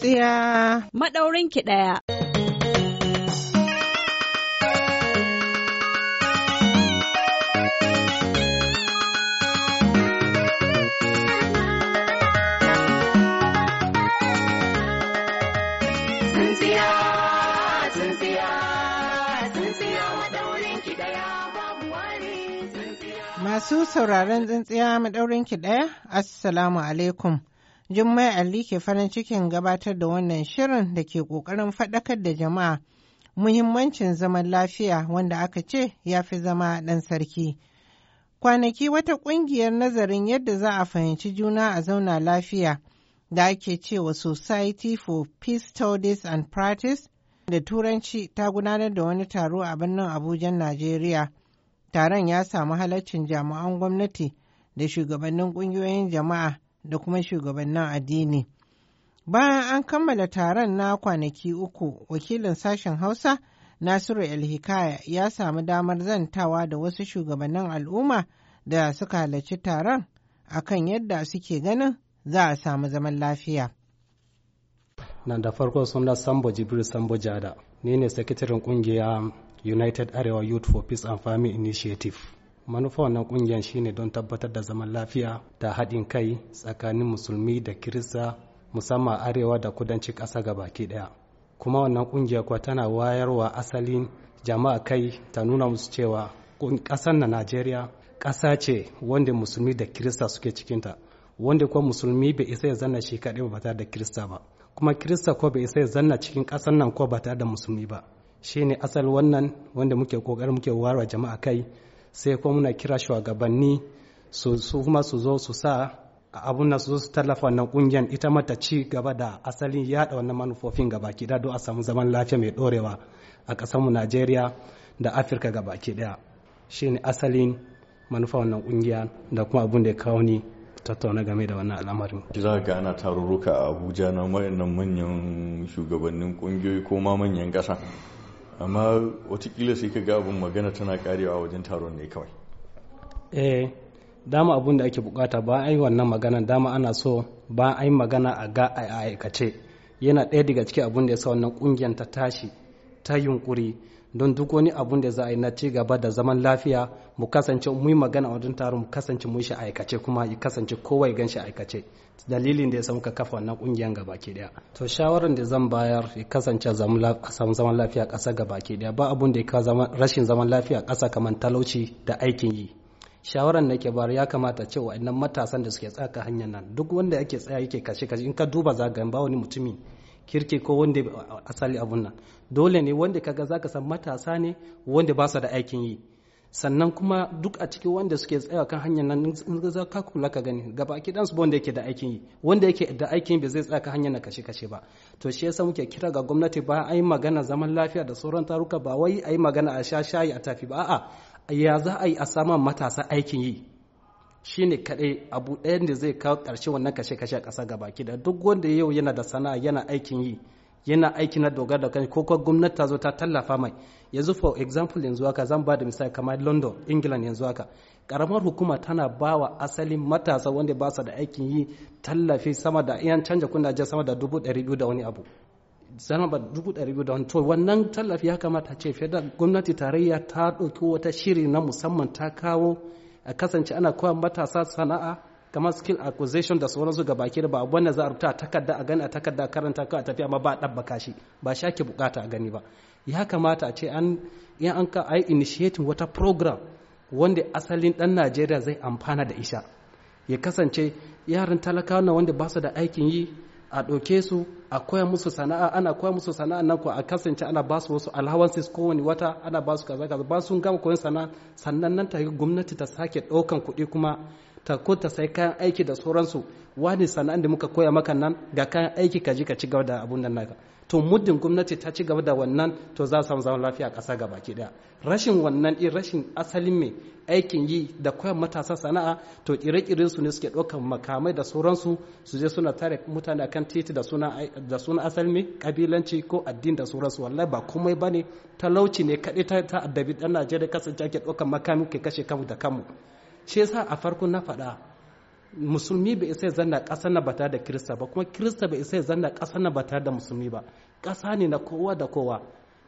tsiya madaurin ki ɗaya. Masu sauraron tsintsiya maɗaurin ki ɗaya, Assalamu alaikum. Jummai Ali ke farin cikin gabatar da wannan shirin da ke ƙoƙarin faɗakar da jama'a muhimmancin zaman lafiya wanda aka ce ya fi zama ɗan sarki. Kwanaki wata ƙungiyar nazarin yadda za a fahimci juna a zauna lafiya da ake cewa Society for Peace Studies and Practice da Turanci ta gudanar da wani taro a birnin Abuja, Najeriya. Taron ya samu halaccin jami'an gwamnati da shugabannin ƙungiyoyin jama'a. da kuma shugabannin addini. Bayan an kammala taron na kwanaki uku, wakilin sashen Hausa Nasiru el ya samu damar zantawa da wasu shugabannin al'umma da suka halarci taron akan yadda suke ganin za a samu zaman lafiya. Nan da farko suna Sambo Jibril Sambo Jada, ni ne sakitarin kungiya United Arewa Youth for Peace and Family Initiative. manufa wannan kungiyar shine don tabbatar da zaman lafiya da haɗin kai tsakanin musulmi da kirista musamman arewa da kudancin ƙasa gabaki ɗaya kuma wannan kungiyar kuwa tana wayarwa asalin jama'a kai ta nuna musu cewa ƙasar na najeriya ƙasa ce wanda musulmi da kirista suke cikinta wanda kuma musulmi bai isa ya zanna shi kaɗai ba tare da kirista ba kuma kirista ko bai isa ya zanna cikin ƙasar nan ko ba tare da musulmi ba shine asal wannan wanda muke ƙoƙarin muke warwa jama'a kai sai kuma muna kira shugabanni su kuma su zo su sa abun na su zo su tallafa wannan kungiyar ita mata ci gaba da asalin yada wannan manufofin gabaki da don a samu zaman lafiya mai dorewa a ƙasarmu najeriya da afirka gabaki daya shine asalin manufa wannan kungiya da kuma abun da ya kawo ni tattauna game da wannan al'amarin. za ga ana tarurruka a abuja na manyan shugabannin kungiyoyi ko ma manyan ƙasa amma watakila sai ka ga abin magana tana karewa wajen taron ne kawai eh dama abun da ake bukata ba yi wannan magana dama ana so ba ai magana a ga a aikace yana ɗaya daga cikin abun da ya sa wannan kungiyar ta tashi ta yunkuri don duk wani abun da za a yi na ci gaba da zaman lafiya mu kasance mu yi magana a wajen taron mu kasance mu shi aikace kuma ya kasance kowa ya ganshi aikace dalilin da ya samu ka kafa wannan kungiyar gaba ke daya to shawaran da zan bayar ya kasance a zaman lafiya ƙasa gaba ke daya ba abun da ya kawo rashin zaman lafiya ƙasa kamar talauci da aikin yi shawaran da ke bayar ya kamata cewa innan matasan da suke tsaka hanyar nan duk wanda yake tsaya yake kashe kashe in ka duba zagayen ba wani mutumi kirki ko wanda asali abun nan dole ne wanda kaga zaka san matasa ne wanda ba su da aikin yi sannan kuma duk a cikin wanda suke tsaya kan hanyar nan in za ka kula ka gani gaba ki dan su wanda yake da aikin yi wanda yake da aikin bai zai tsaya kan hanyar nan kashe kashe ba to shi yasa muke kira ga gwamnati ba ai magana zaman lafiya da sauran taruka ba wai ai magana a sha shayi a tafi ba a'a ya za a yi a samu matasa aikin yi Shi ne kaɗai abu ɗaya da zai kawo ƙarshe wannan kashe kashe a ƙasa gabaki da duk wanda yau yana da sana'a yana aikin yi yana aiki na dogara da kai ko kuma gwamnati ta zo ta tallafa mai yanzu for example yanzu haka zan ba da misali kamar london england yanzu haka karamar hukuma tana ba wa asalin matasa wanda ba su da aikin yi tallafi sama da iyan canja kundaje sama da dubu ɗari biyu da wani abu sama ba dubu ɗari biyu da wani to wannan tallafi ya kamata ce fiye da gwamnati tarayya ta ɗauki wata shiri na musamman ta kawo a kasance ana koya matasa sana'a kamar skill acquisition da sauransu ga baki da ba wanda za a rubuta takarda a gani a takarda karanta ka a tafiya amma ba ɗabbaka shi ba shake bukata a gani ba ya kamata a ce an in an ka ai initiating wata program wanda asalin dan Najeriya zai amfana da isha ya kasance yaran talakawa na wanda ba su da aikin yi a ɗauke su a koya musu sana'a ana koya musu sana'a nan ko a kasance ana ba su wasu allowances kowane wata ana ba su kaza kaza ba sun gama koyon sana'a sannan nan ta gwamnati ta sake ɗaukan kuɗi kuma ta ko ta sai kayan aiki da sauransu wani sana'an da muka koya maka nan ga kayan aiki ka ji ka ci gaba da abun nan naka to muddin gwamnati ta ci gaba da wannan to za samu zaman lafiya a ƙasa gaba ki daya rashin wannan din rashin asalin mai aikin yi da koyan matasa sana'a to ire-iren su ne suke ɗaukan makamai da sauransu su je suna tare mutane akan titi da suna da asalin mai kabilanci ko addini da sauransu wallahi ba komai ne talauci ne kaɗai ta addabi ɗan Najeriya kasance ake ɗaukan makamai ke kashe kanmu da kanmu shi yasa a farko na faɗa musulmi bai isa zanna ƙasar na bata da kirista ba kuma kirista bai isa zanna ƙasar na bata da musulmi ba ƙasa ne na kowa da kowa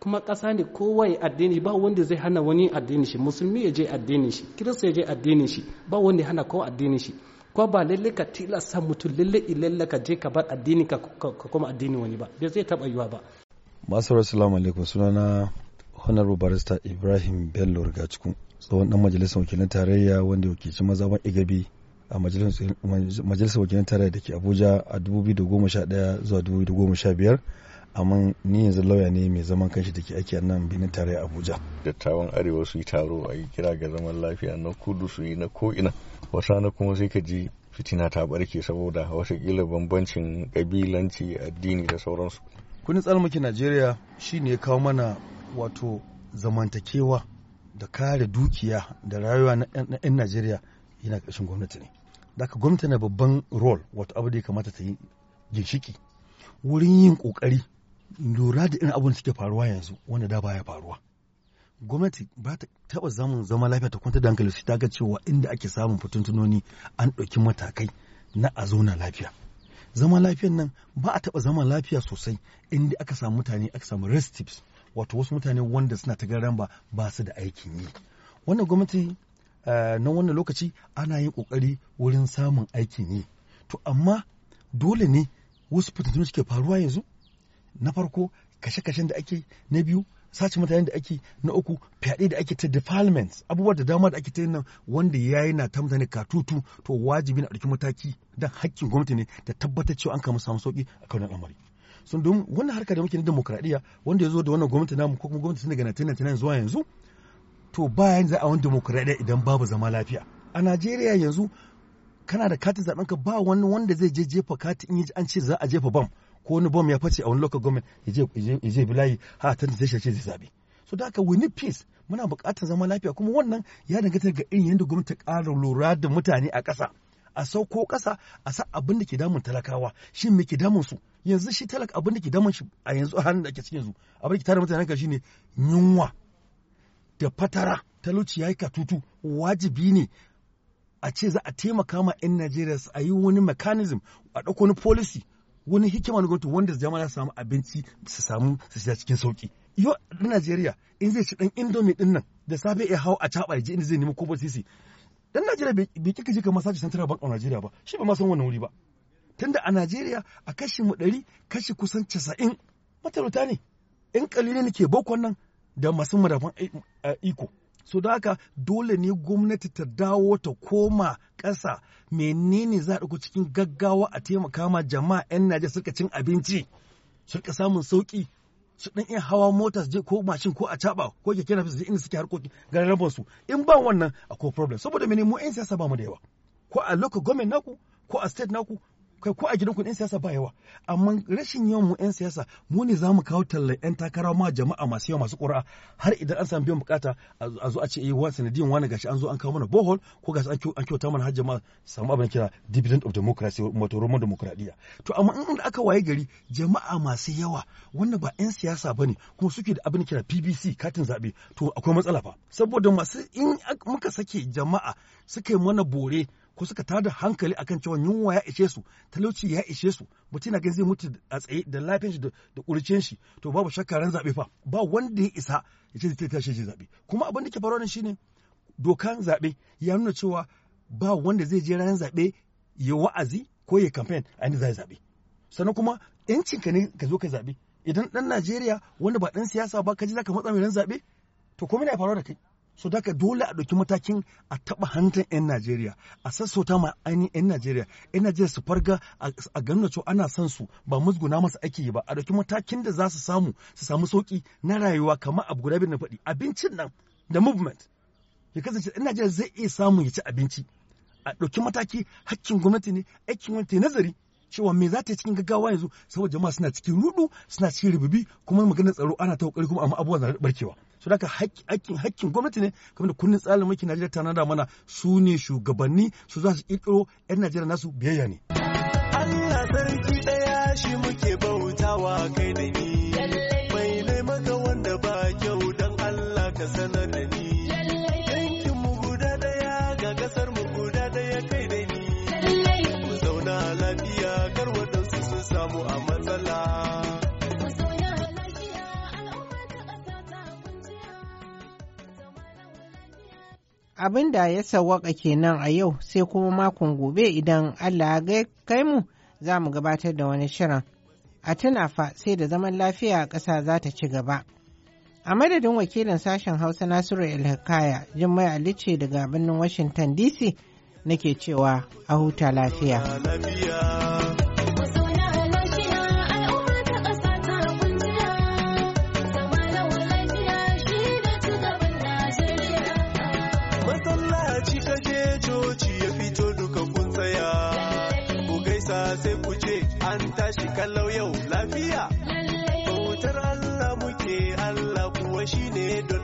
kuma ƙasa ne kowa ya addini ba wanda zai hana wani addini shi musulmi ya je addini shi kirista ya je addini shi ba wanda ya hana kowa addini shi ko ba lalle ka tilasta mutum lalle ilalle ka je ka bar addini ka kuma addini wani ba bai zai taɓa yiwa ba masu salamu alaikum sunana honorable barista ibrahim bello rigacikun tsohon ɗan majalisar wakilin tarayya wanda wakilci mazaban igabi a majalisar wakilin tarayya da ke abuja a 2011 zuwa 2015 amma ni yanzu lauya ne mai zaman kanshi da ke aiki a nan birnin tarayya abuja dattawan arewa su yi taro a yi kira ga zaman lafiya na kudu su yi na ko'ina wasa na kuma sai ka ji fitina ta barke saboda watakila bambancin kabilanci addini da sauransu kudin tsalmaki najeriya shi ne ya kawo mana wato zamantakewa da kare dukiya da rayuwa na 'yan Najeriya yana ƙarshen gwamnati ne. Daka gwamnati na babban rol wato abu da ya kamata ta yi ginshiki wurin yin ƙoƙari lura da irin abin da suke faruwa yanzu wanda da baya faruwa. Gwamnati ba ta taɓa zamun zama lafiya ta kwanta da hankali su ta ga cewa inda ake samun fitintunoni an ɗauki matakai na a zauna lafiya. Zama lafiyan nan ba a taɓa zama lafiya sosai inda aka samu mutane aka samu rest tips wato wasu mutane wanda suna ta garan ba ba su da aikin yi wannan gwamnati eh, na wannan lokaci ana yin kokari wurin samun aikin yi to amma dole ne wasu fitattun suke faruwa yanzu na farko kashe-kashen da ake na biyu sace mutane da ake na uku fyaɗe da ake ta defilement abubuwa da dama da ake ta nan wanda ya yi na ta mutane katutu to wajibi na ɗauki mataki don haƙƙin gwamnati ne ta tabbatar cewa an kama samu sauƙi a kan al'amari. sun domin wannan harka da muke na demokradiyya wanda ya zo da wannan gwamnati namu ko kuma gwamnati sun daga 1999 zuwa yanzu to bayan za a wani demokradiyya idan babu zama lafiya a najeriya yanzu kana da katin zaben ka ba wani wanda zai je jefa katin yi an ce za a jefa bam ko wani bam ya face a wani local government ya je bilayi ha ta zai shace zai zabe so da haka we peace muna buƙatar zama lafiya kuma wannan ya danganta ga irin yadda gwamnati ta ƙara lura da mutane a ƙasa a sauko ƙasa a sa abin da ke damun talakawa shin me ke damun su yanzu shi talak abin da ke daman shi a yanzu a hannun da ake cikin yanzu abin da ke tare mutane kan ne. yunwa da fatara talauci ya yi katutu wajibi ne a ce za a taimaka ma 'yan Najeriya su a yi wani mechanism a ɗauko wani policy wani hikima na gwamnati wanda jama'a za samu abinci su samu su shiga cikin sauki yau ɗan Najeriya in zai ci ɗan indomi ɗin nan da safe ya hau a caɓa ya je inda zai nemi kobo sisi dan Najeriya bai kika je kamar sace central bank a Najeriya ba shi ba ma san wannan wuri ba tunda a Najeriya a kashi mu ɗari kashi kusan casa'in matalauta ne in kalilin ke bokon nan da masu madafan iko so da haka dole ne gwamnati ta dawo ta koma ƙasa menene za a cikin gaggawa a taimaka ma jama'a 'yan Najeriya suka cin abinci suka samun sauƙi, su ɗan iya hawa mota je ko mashin ko a caba ko keke na fisa inda suke harkokin garin su in ba wannan akwai problem saboda mene mu 'yan siyasa ba mu da yawa ko a local government naku ko a state naku kai ko a gidan ku 'yan siyasa ba yawa amma rashin yawan mu 'yan siyasa mu ne za mu kawo talla 'yan takara ma jama'a masu yawa masu ƙura har idan an samu biyan bukata a zo a ce eh wa sanadiyan wani gashi an zo an kawo mana bohol ko gasa an kyauta mana har jama'a samu abin kira dividend of democracy wato roman demokradiya to amma in da aka waye gari jama'a masu yawa wanda ba 'yan siyasa ba ne kuma suke da abin kira PBC katin zaɓe. to akwai matsala fa saboda masu in muka sake jama'a suka yi mana bore ko suka da hankali akan cewa yunwa ya ishe su talauci ya ishe su mutum na zai mutu a tsaye da lafiyan shi da kurcin shi to babu shakkaran ran zabe fa ba wanda ya isa ya ce zai tashi zabe kuma abin da ke faruwa shine dokan zabe ya nuna cewa ba wanda zai je ran zabe ya wa'azi ko ya campaign a inda zai zabe sannan kuma yancin ka ne ka zo ka zaɓe. idan ɗan Najeriya wanda ba ɗan siyasa ba ka ji zaka matsa mai ran zaɓe to komai na faruwa da kai so daga dole a ɗauki matakin a taɓa hantar 'yan najeriya a sassauta ma ainihin 'yan najeriya 'yan najeriya su farga a ganin cewa ana son su ba musguna masa ake yi ba a ɗauki matakin da za su samu su samu sauƙi na rayuwa kamar abu guda biyu na faɗi abincin nan da movement ya kasance 'yan najeriya zai iya samun ya ci abinci a ɗauki mataki hakkin gwamnati ne aikin gwamnati nazari cewa me za ta yi cikin gaggawa yanzu saboda jama'a suna cikin rudu suna cikin rububi kuma maganar tsaro ana ta kokari kuma amma abubuwan na barkewa su da hakkin hakkin gwamnati ne kamar da kundin tsarin mulkin Najeriya ta nada mana su ne shugabanni su za su kirkiro yan Najeriya nasu biyayya ne Allah sarki daya shi muke bautawa kai da ni bai maka wanda ba kyau dan Allah ka sanar da ni abin da ya sawwaka kenan a yau sai kuma makon gobe idan Allah ya kai mu za mu gabatar da wani shirin. A tuna fa sai da zaman lafiya ƙasa za ta ci gaba. A madadin wakilin sashen Hausa Nasiru Elhikaya, Jummai Ali ce daga birnin Washington DC nake cewa a huta lafiya. shi ne don